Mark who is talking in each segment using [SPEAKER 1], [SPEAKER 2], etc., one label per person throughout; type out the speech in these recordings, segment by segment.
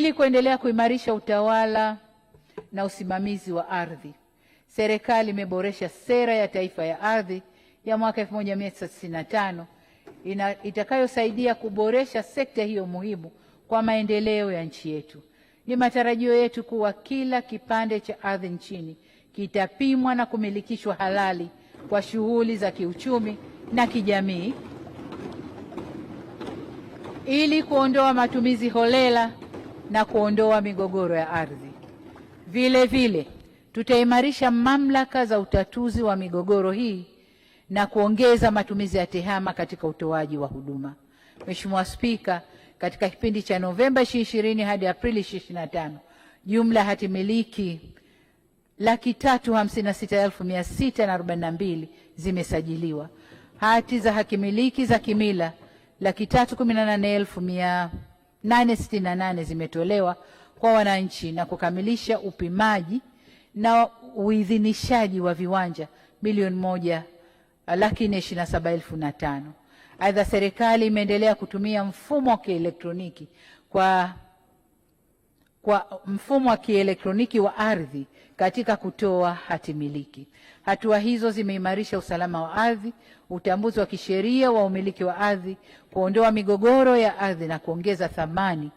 [SPEAKER 1] Ili kuendelea kuimarisha utawala na usimamizi wa ardhi, serikali imeboresha sera ya taifa ya ardhi ya mwaka 1995 itakayosaidia kuboresha sekta hiyo muhimu kwa maendeleo ya nchi yetu. Ni matarajio yetu kuwa kila kipande cha ardhi nchini kitapimwa na kumilikishwa halali kwa shughuli za kiuchumi na kijamii ili kuondoa matumizi holela na kuondoa migogoro ya ardhi. Vile vile tutaimarisha mamlaka za utatuzi wa migogoro hii na kuongeza matumizi ya tehama katika utoaji wa huduma. Mheshimiwa Spika, katika kipindi cha Novemba 2020 hadi Aprili 2025 jumla hati miliki laki tatu hamsini na sita elfu mia sita na arobaini na mbili zimesajiliwa. Hati za hakimiliki za kimila laki tatu kumi na nane elfu mia 868 zimetolewa kwa wananchi na kukamilisha upimaji na uidhinishaji wa viwanja milioni moja uh, laki nne ishirini na saba elfu na tano. Aidha, serikali imeendelea kutumia mfumo wa kielektroniki kwa kwa mfumo wa kielektroniki wa ardhi katika kutoa hati miliki. Hatua hizo zimeimarisha usalama wa ardhi, utambuzi wa kisheria wa umiliki wa ardhi, kuondoa migogoro ya ardhi na kuongeza thamani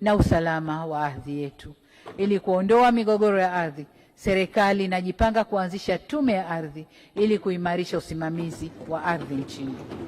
[SPEAKER 1] na usalama wa ardhi yetu. Ili kuondoa migogoro ya ardhi, serikali inajipanga kuanzisha tume ya ardhi ili kuimarisha usimamizi wa ardhi nchini.